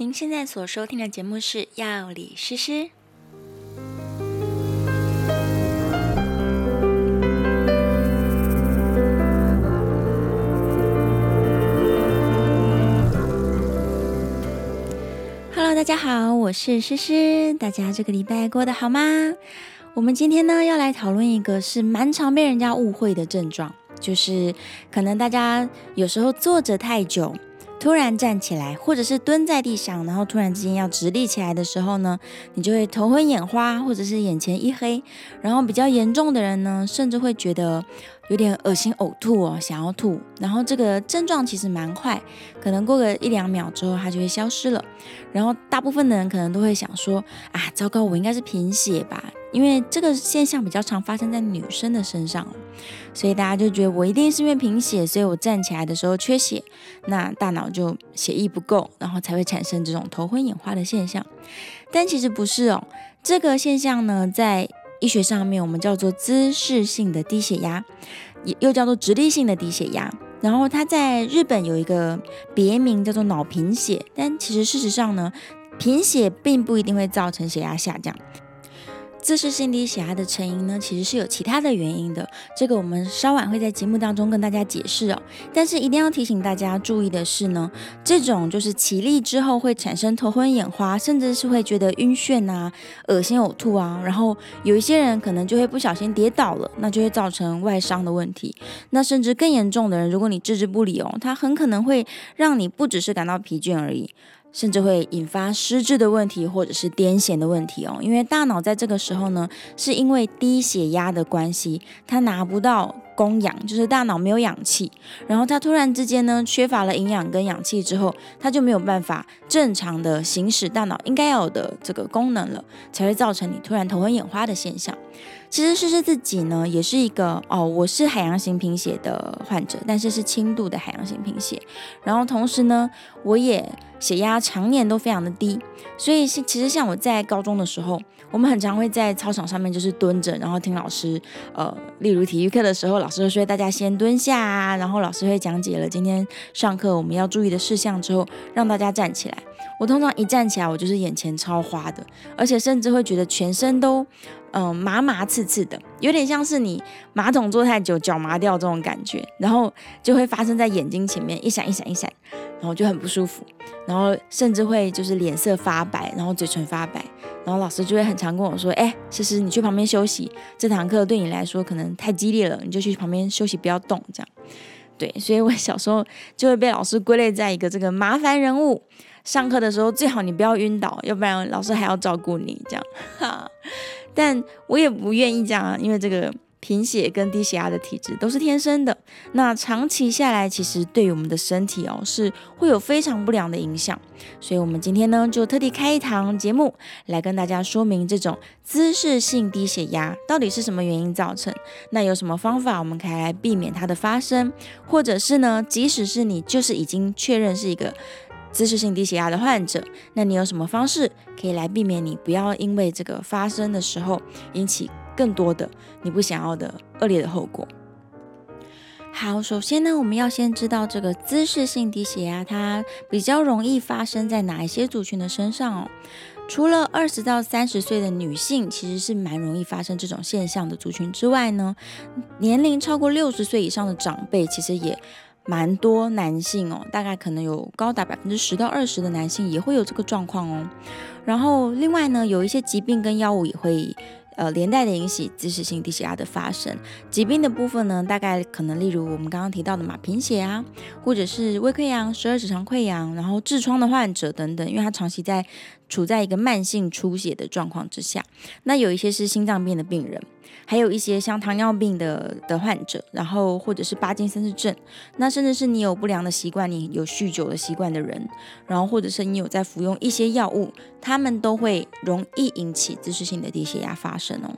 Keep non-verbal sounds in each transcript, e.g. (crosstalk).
您現在所收聽的節目是《藥理詩詩》。Hello，大家好，我是詩詩。大家這個禮拜過得好嗎？我們今天呢要來討論一個，是蠻常被人家誤會的症狀，就是可能大家有時候坐着太久。突然站起來，或者是蹲在地上，然後突然之間要直立起來的時候呢，你就會頭昏眼花，或者是眼前一黑，然後比較嚴重的人呢，甚至會覺得。有點噁心嘔吐哦，想要吐，然後這個症狀其實蠻快，可能過個一兩秒之後它就會消失了。然後大部分的人可能都會想說啊，糟糕，我應該是貧血吧？因為這個現象比較常發生在女生的身上，所以大家就覺得我一定是因為貧血，所以我站起來的時候缺血，那大腦就血液不夠，然後才會產生這種頭昏眼花的現象。但其實不是哦，這個現象呢，在……醫學上面我們叫做姿勢性的低血壓，也又叫做直立性的低血壓。然後它在日本有一個別名叫做腦貧血，但其實事實上呢，貧血並不一定會造成血壓下降。姿勢性低血壓的成因呢，其實是有其他的原因的，這個我們稍晚會在節目當中跟大家解釋哦。但是一定要提醒大家注意的是呢，這種就是起立之後會產生頭昏眼花，甚至是會覺得暈眩啊、噁心、嘔吐啊，然後有一些人可能就會不小心跌倒了，那就會造成外傷的問題。那甚至更嚴重的人，如果你置之不理哦，他很可能會讓你不只是感到疲倦而已。甚至會引發失智的問題，或者是癲癇的問題哦，因為大腦在這個時候呢，是因為低血壓的關係，它拿不到。供氧，就是大腦沒有氧氣，然後它突然之間呢，缺乏了營養跟氧氣之後，它就沒有辦法正常的行使大腦應該要有的這個功能了，才會造成你突然頭昏眼花的現象。其實詩詩自己呢，也是一個哦，我是海洋性貧血的患者，但是是輕度的海洋性貧血，然後同時呢，我也血壓常年都非常的低，所以其實像我在高中的時候，我們很常會在操場上面就是蹲着，然後聽老師呃，例如體育課的時候老所以說，大家先蹲下，啊，然後老師會講解了今天上課我們要注意的事項之後，讓大家站起來。我通常一站起來，我就是眼前超花的，而且甚至會覺得全身都，嗯、呃，麻麻刺刺的，有點像是你馬桶坐太久腳麻掉這種感覺，然後就會發生在眼睛前面一閃一閃一閃，一閃，然後就很不舒服，然後甚至會就是臉色發白，然後嘴唇發白，然後老師就會很常跟我說，誒、欸，詩詩，你去旁邊休息，這堂課對你來說可能太激烈了，你就去旁邊休息，不要動，這樣，對，所以我小時候就會被老師歸類在一個這個麻煩人物。上課的時候最好你不要暈倒，要不然老師還要照顧你這樣。 (laughs) 但我也不願意這樣啊，因為這個貧血跟低血壓的體質都是天生的。那長期下來，其實對於我們的身體哦，是會有非常不良的影響。所以，我們今天呢，就特地開一堂節目來跟大家說明，這種姿勢性低血壓到底是什麼原因造成？那有什麼方法我們可以來避免它的發生？或者是呢，即使是你就是已經確認是一個。姿勢性低血壓的患者，那你有什麼方式可以來避免你不要因為這個發生的時候引起更多的你不想要的惡劣的後果？好，首先呢，我們要先知道這個姿勢性低血壓它比較容易發生在哪一些族群的身上哦。除了二十到三十歲的女性其實是蠻容易發生這種現象的族群之外呢，年齡超過六十歲以上的長輩其實也。蠻多男性哦，大概可能有高達百分之十到二十的男性也會有這個狀況哦。然後另外呢，有一些疾病跟藥物也會，呃，連帶的引起姿勢性低血壓的發生。疾病的部分呢，大概可能例如我們剛剛提到的馬貧血啊，或者是胃潰瘍、十二指腸潰瘍，然後痔瘡的患者等等，因為他長期在處在一個慢性出血的狀況之下，那有一些是心臟病的病人，還有一些像糖尿病的的患者，然後或者是帕金森氏症、症，那甚至是你有不良的習慣，你有酗酒的習慣的人，然後或者是你有在服用一些藥物，他們都會容易引起姿勢性的低血壓發生哦。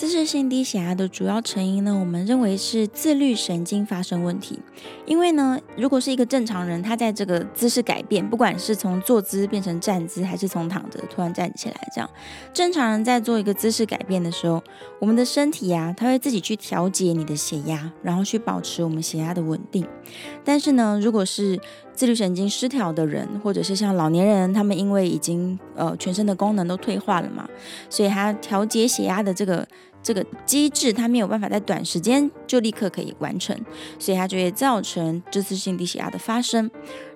姿勢性低血壓的主要成因呢，我們認為是自律神經發生問題。因為呢，如果是一個正常人，他在這個姿勢改變，不管是從坐姿變成站姿，還是從躺着突然站起來這樣，正常人在做一個姿勢改變的時候，我們的身體呀、啊，它會自己去調節你的血壓，然後去保持我們血壓的穩定。但是呢，如果是自律神經失調的人，或者是像老年人，他們因為已經呃全身的功能都退化了嘛，所以他調節血壓的這個這個機制，他沒有辦法在短時間就立刻可以完成，所以他就會造成姿勢性低血壓的發生，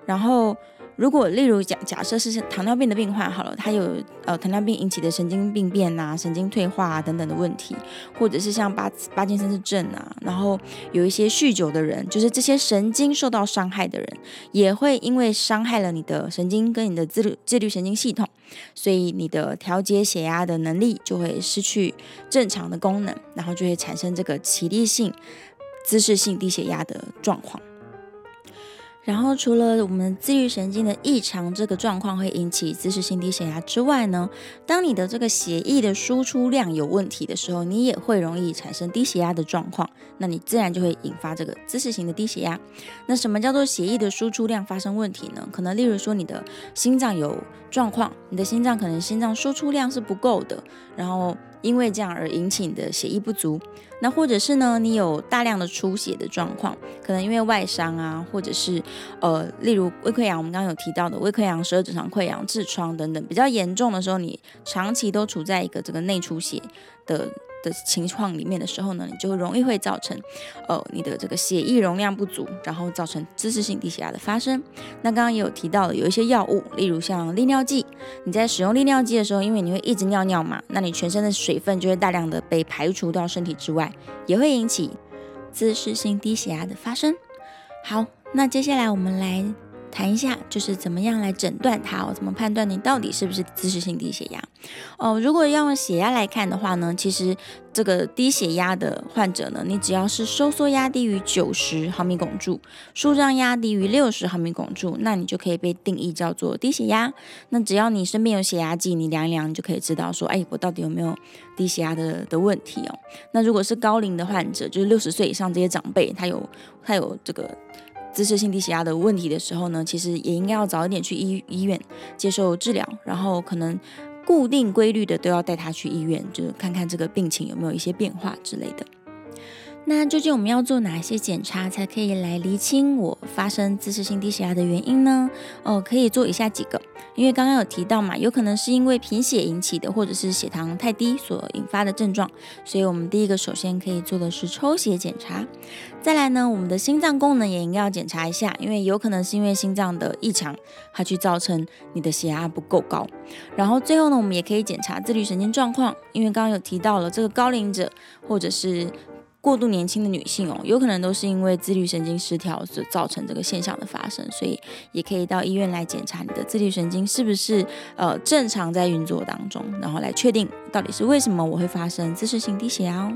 然後。如果例如假假設是糖尿病的病患好了，他有呃糖尿病引起的神經病變啊、神經退化啊、等等的問題，或者是像巴巴金森氏症啊，然後有一些酗酒的人，就是這些神經受到傷害的人，也會因為傷害了你的神經跟你的自律自律神經系統，所以你的調節血壓的能力就會失去正常的功能，然後就會產生這個起立性、姿勢性低血壓的狀況。然後，除了我們自律神經的異常這個狀況會引起姿勢性低血壓之外呢，當你的這個血液的輸出量有問題的時候，你也會容易產生低血壓的狀況，那你自然就會引發這個姿勢性的低血壓。那什麼叫做血液的輸出量發生問題呢？可能例如說你的心臟有狀況，你的心臟可能心臟輸出量是不夠的，然後。因為這樣而引起你的血液不足，那或者是呢，你有大量的出血的狀況，可能因為外傷啊，或者是呃，例如胃潰瘍，我們剛剛有提到的胃潰瘍、十二指腸潰瘍、痔瘡等等，比較嚴重的時候，你長期都處在一個這個內出血的。的情況裡面的時候呢，你就容易會造成，呃、哦，你的這個血液容量不足，然後造成姿勢性低血壓的發生。那剛剛也有提到了，有一些藥物，例如像利尿劑，你在使用利尿劑的時候，因為你會一直尿尿嘛，那你全身的水分就會大量的被排除到身體之外，也會引起姿勢性低血壓的發生。好，那接下來我們來。談一下就是怎麼樣來診斷它，我怎麼判斷你到底是不是姿勢性低血壓？哦，如果要用血壓來看的話呢，其實這個低血壓的患者呢，你只要是收縮壓低於九十毫米汞柱，舒張壓低於六十毫米汞柱，那你就可以被定義叫做低血壓。那只要你身邊有血壓計，你量一量，你就可以知道說，誒、哎，我到底有沒有低血壓的的問題哦。那如果是高齡的患者，就是六十歲以上這些長輩，他有他有這個。姿勢性低血壓的問題的時候呢，其實也應該要早一點去醫醫院接受治療，然後可能固定規律的都要帶他去醫院，就看看這個病情有沒有一些變化之類的。那究竟我們要做哪些檢查才可以來釐清我發生姿勢性低血壓的原因呢？哦，可以做以下幾個，因為剛剛有提到嘛，有可能是因為貧血引起的，或者是血糖太低所引發的症狀，所以我們第一個首先可以做的是抽血檢查，再來呢，我們的心臟功能也應該要檢查一下，因為有可能是因為心臟的異常，它去造成你的血壓不夠高，然後最後呢，我們也可以檢查自律神經狀況，因為剛剛有提到了這個高齡者或者是。過度年輕的女性哦，有可能都是因為自律神經失調所造成這個現象的發生，所以也可以到醫院來檢查你的自律神經是不是呃正常在運作當中，然後來確定到底是為什麼我會發生姿勢性低血壓哦。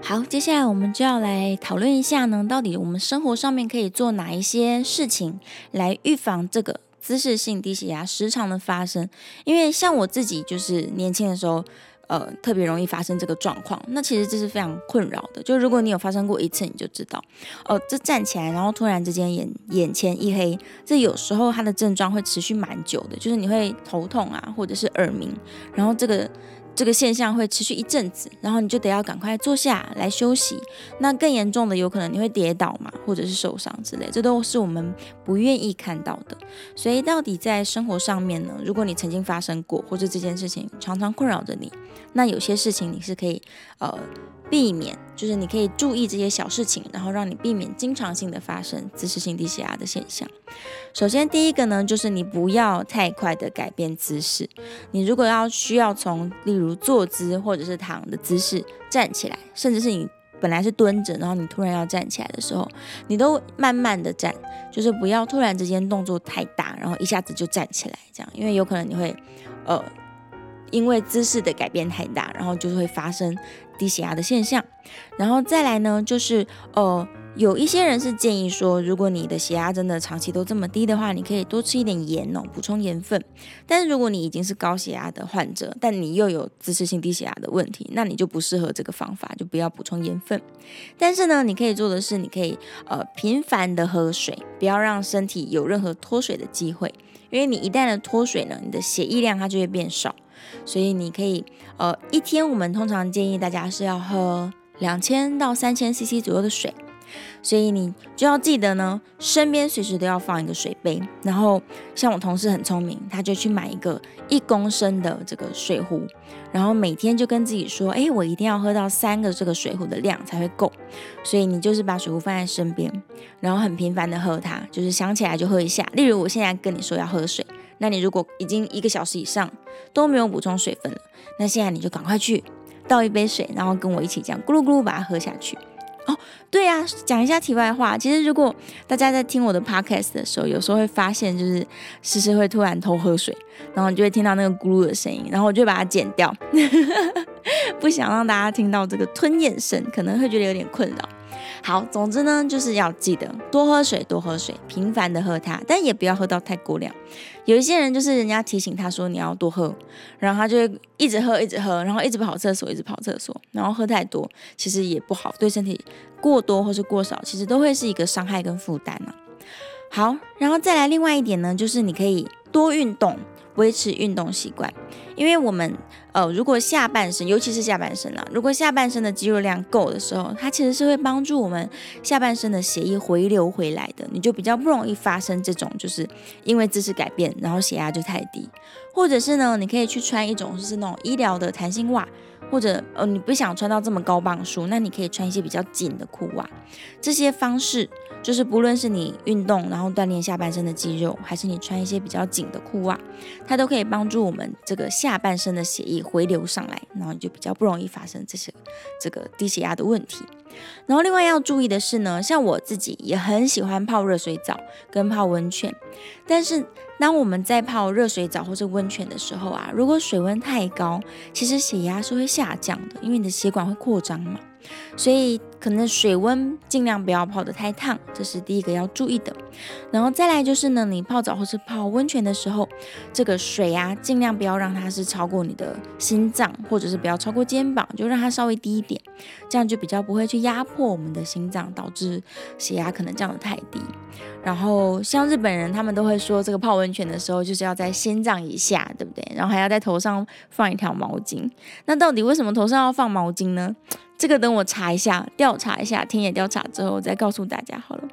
好，接下來我們就要來討論一下呢，到底我們生活上面可以做哪一些事情來預防這個姿勢性低血壓時常的發生，因為像我自己就是年輕的時候。呃，特別容易發生這個狀況，那其實這是非常困擾的。就如果你有發生過一次，你就知道，哦、呃，這站起來，然後突然之間眼眼前一黑，這有時候它的症狀會持續蠻久的，就是你會頭痛啊，或者是耳鳴，然後這個。這個現象會持續一陣子，然後你就得要趕快坐下來休息。那更嚴重的，有可能你會跌倒嘛，或者是受傷之類，這都是我們不願意看到的。所以到底在生活上面呢？如果你曾經發生過，或者這件事情常常困擾着你，那有些事情你是可以，呃。避免，就是你可以注意這些小事情，然後讓你避免經常性的發生姿勢性低血壓的現象。首先，第一個呢，就是你不要太快的改變姿勢。你如果要需要從例如坐姿或者是躺的姿勢站起來，甚至是你本來是蹲着，然後你突然要站起來的時候，你都慢慢的站，就是不要突然之間動作太大，然後一下子就站起來這樣，因為有可能你會，呃，因為姿勢的改變太大，然後就會發生。低血壓的現象，然後再來呢，就是呃，有一些人是建議說，如果你的血壓真的長期都這麼低的話，你可以多吃一點鹽哦，補充鹽分。但是如果你已經是高血壓的患者，但你又有姿勢性低血壓的問題，那你就不適合這個方法，就不要補充鹽分。但是呢，你可以做的是，你可以呃頻繁的喝水，不要讓身體有任何脫水的機會，因為你一旦的脫水呢，你的血液量它就會變少。所以你可以，呃，一天我們通常建議大家是要喝兩千到三千 CC 左右的水，所以你就要記得呢，身邊隨時都要放一個水杯。然後像我同事很聰明，他就去買一個一公升的這個水壺，然後每天就跟自己說，哎，我一定要喝到三個這個水壺的量才會夠。所以你就是把水壺放在身邊，然後很頻繁的喝它，就是想起來就喝一下，例如我現在跟你說要喝水。那你如果已經一個小時以上都沒有補充水分了，那現在你就趕快去倒一杯水，然後跟我一起這樣咕嚕咕嚕把它喝下去。哦，對呀、啊，講一下題外話，其實如果大家在聽我的 podcast 的時候，有時候會發現就是詩詩會突然偷喝水，然後你就會聽到那個咕嚕的聲音，然後我就會把它剪掉， (laughs) 不想讓大家聽到這個吞嚥聲，可能會覺得有點困擾。好，總之呢，就是要記得多喝水，多喝水，頻繁的喝它，但也不要喝到太過量。有一些人就是人家提醒他說，你要多喝，然後他就會一直喝，一直喝，然後一直跑廁所，一直跑廁所，然後喝太多其實也不好，對身體過多或是過少，其實都會是一個傷害跟負擔、啊、好，然後再來另外一點呢，就是你可以多運動。維持運動習慣，因為我們呃，如果下半身，尤其是下半身了啊，如果下半身的肌肉量夠的時候，它其實是會幫助我們下半身的血液回流回來的，你就比較不容易發生這種，就是因為姿勢改變，然後血壓就太低，或者是呢，你可以去穿一種就是那種醫療的彈性襪，或者呃，你不想穿到這麼高磅數，那你可以穿一些比較緊的褲襪，這些方式。就是不論是你運動，然後鍛鍊下半身的肌肉，還是你穿一些比較緊的褲襪，它都可以幫助我們這個下半身的血液回流上來，然後你就比較不容易發生這些這個低血壓的問題。然後另外要注意的是呢，像我自己也很喜歡泡熱水澡跟泡溫泉，但是當我們在泡熱水澡或者溫泉的時候啊，如果水溫太高，其實血壓是會下降的，因為你的血管會擴張嘛，所以。可能水溫儘量不要泡得太燙，這是第一個要注意的。然後再來就是呢，你泡澡或是泡溫泉的時候，這個水啊，儘量不要讓它是超過你的心臟，或者是不要超過肩膀，就讓它稍微低一點，這樣就比較不會去壓迫我們的心臟，導致血壓可能降得太低。然後像日本人，他們都會說這個泡溫泉的時候就是要在心臟以下，對不對？然後還要在頭上放一條毛巾。那到底為什麼頭上要放毛巾呢？這個等我查一下調查一下，田野調查之後再告訴大家好了。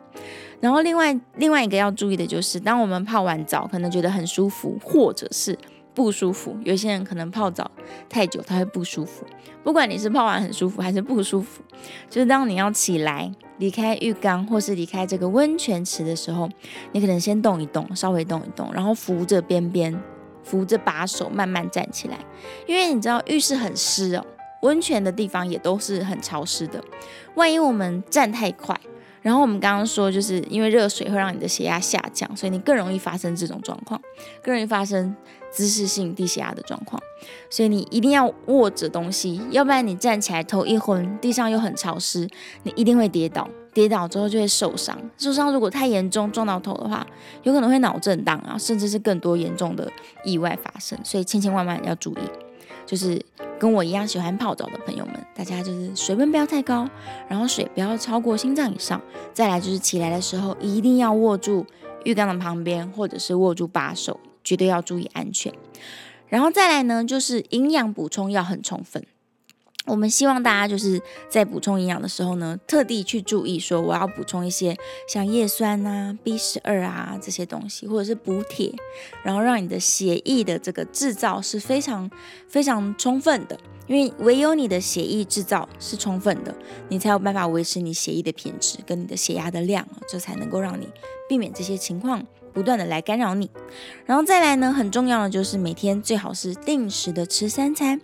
然後另外另外一個要注意的就是，當我們泡完澡，可能覺得很舒服，或者是不舒服。有些人可能泡澡太久，他會不舒服。不管你是泡完很舒服還是不舒服，就是當你要起來離開浴缸或是離開這個溫泉池的時候，你可能先動一動，稍微動一動，然後扶着邊邊，扶着把手，慢慢站起來。因為你知道浴室很濕哦。溫泉的地方也都是很潮濕的，萬一我們站太快，然後我們剛剛說，就是因為熱水會讓你的血壓下降，所以你更容易發生這種狀況，更容易發生姿勢性低血壓的狀況，所以你一定要握着東西，要不然你站起來頭一昏，地上又很潮濕，你一定會跌倒，跌倒之後就會受傷，受傷如果太嚴重，撞到頭的話，有可能會腦震盪啊，甚至是更多嚴重的意外發生，所以千千萬萬要注意，就是。跟我一樣喜歡泡澡的朋友們，大家就是水溫不要太高，然後水不要超過心臟以上。再來就是起來的時候一定要握住浴缸的旁邊或者是握住把手，絕對要注意安全。然後再來呢，就是營養補充要很充分。我們希望大家就是在補充營養的時候呢，特地去注意說，我要補充一些像葉酸啊、B 十二啊這些東西，或者是補鐵，然後讓你的血液的這個製造是非常非常充分的。因為唯有你的血液製造是充分的，你才有辦法維持你血液的品質跟你的血壓的量，這才能夠讓你避免這些情況，不斷的來干擾你，然後再來呢，很重要的就是每天最好是定時的吃三餐，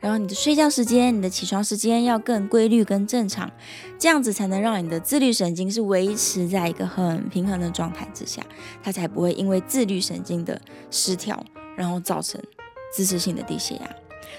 然後你的睡覺時間、你的起床時間要更規律跟正常，這樣子才能讓你的自律神經是維持在一個很平衡的狀態之下，它才不會因為自律神經的失調，然後造成姿勢性的低血壓。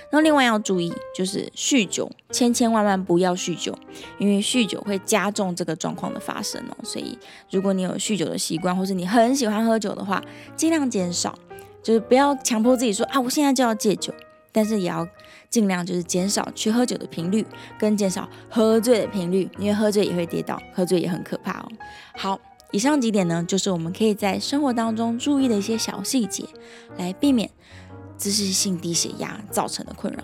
那另外要注意，就是酗酒，千千萬萬不要酗酒，因為酗酒會加重這個狀況的發生哦。所以，如果你有酗酒的習慣，或是你很喜歡喝酒的話，盡量減少，就是不要強迫自己說啊，我現在就要戒酒，但是也要盡量就是減少去喝酒的頻率，跟減少喝醉的頻率，因為喝醉也會跌倒，喝醉也很可怕哦。好，以上幾點呢，就是我們可以在生活當中注意的一些小細節，來避免。姿勢性低血壓造成的困擾。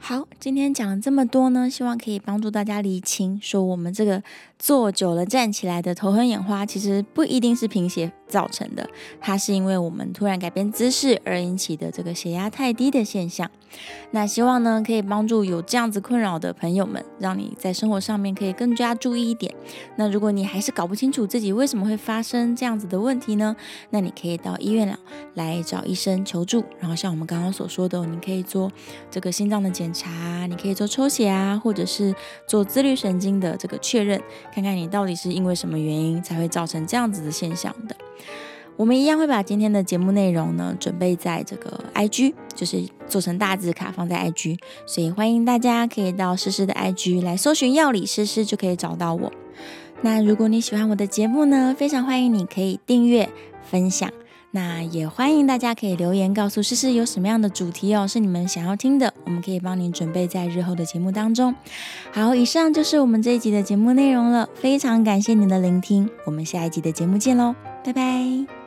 好，今天講這麼多呢，希望可以幫助大家理清，說我們這個坐久了站起來的頭昏眼花，其實不一定是貧血。造成的，它是因為我們突然改變姿勢而引起的這個血壓太低的現象。那希望呢，可以幫助有這樣子困擾的朋友們，讓你在生活上面可以更加注意一點。那如果你還是搞不清楚自己為什麼會發生這樣子的問題呢，那你可以到醫院了來找醫生求助。然後像我們剛剛所說的，你可以做這個心臟的檢查，你可以做抽血啊，或者是做自律神經的這個確認，看看你到底是因為什麼原因才會造成這樣子的現象的。我們一樣會把今天的節目內容呢，準備在這個 IG，就是做成大字卡放在 IG，所以歡迎大家可以到詩詩的 IG 來搜尋“藥理詩詩”詩詩就可以找到我。那如果你喜歡我的節目呢，非常歡迎你可以訂閱、分享。那也歡迎大家可以留言告訴詩詩有什麼樣的主題哦，是你們想要聽的，我們可以幫你準備在日後的節目當中。好，以上就是我們這一集的節目內容了，非常感謝您的聆聽，我們下一集的節目見嘍。拜拜。